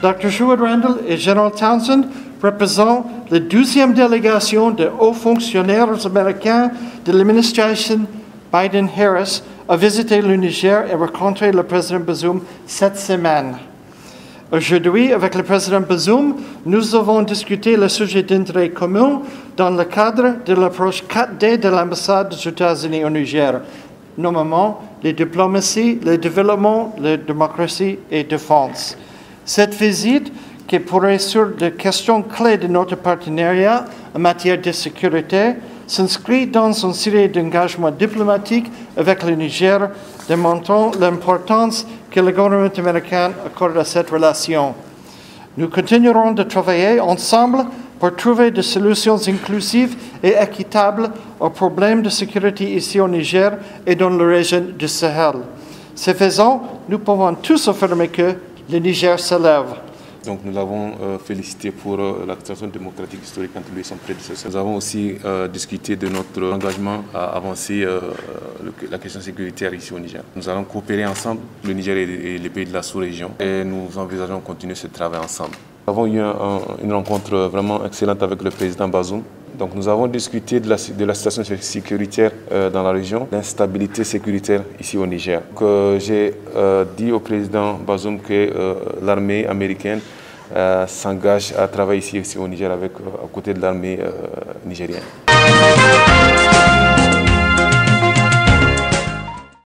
Dr. Sherwood Randall et General Townsend représentent la douzième délégation de hauts fonctionnaires américains de l'administration Biden-Harris à visiter le Niger et rencontrer le président Bazoum cette semaine. Aujourd'hui, avec le président Bazoum, nous avons discuté le sujet d'intérêt commun dans le cadre de l'approche 4D de l'ambassade des États-Unis au Niger, notamment les diplomaties, le développement, la démocratie et défense. Cette visite, qui pourrait sur des questions clés de notre partenariat en matière de sécurité, s'inscrit dans une série d'engagements diplomatiques avec le Niger, démontrant l'importance que le gouvernement américain accorde à cette relation. Nous continuerons de travailler ensemble pour trouver des solutions inclusives et équitables aux problèmes de sécurité ici au Niger et dans la région du Sahel. Ce faisant, nous pouvons tous affirmer que le Niger se lève. Donc nous l'avons euh, félicité pour euh, la situation démocratique historique entre lui et son prédécesseur. Nous avons aussi euh, discuté de notre engagement à avancer la question sécuritaire ici au Niger. Nous allons coopérer ensemble, le Niger et, les pays de la sous-région, et nous envisageons de continuer ce travail ensemble. Nous avons eu une rencontre vraiment excellente avec le président Bazoum. Donc nous avons discuté de la, de la situation sécuritaire euh, dans la région, l'instabilité sécuritaire ici au Niger. J'ai euh, dit au président Bazoum que euh, l'armée américaine s'engage à travailler ici, ici, au Niger avec, à côté de l'armée nigérienne.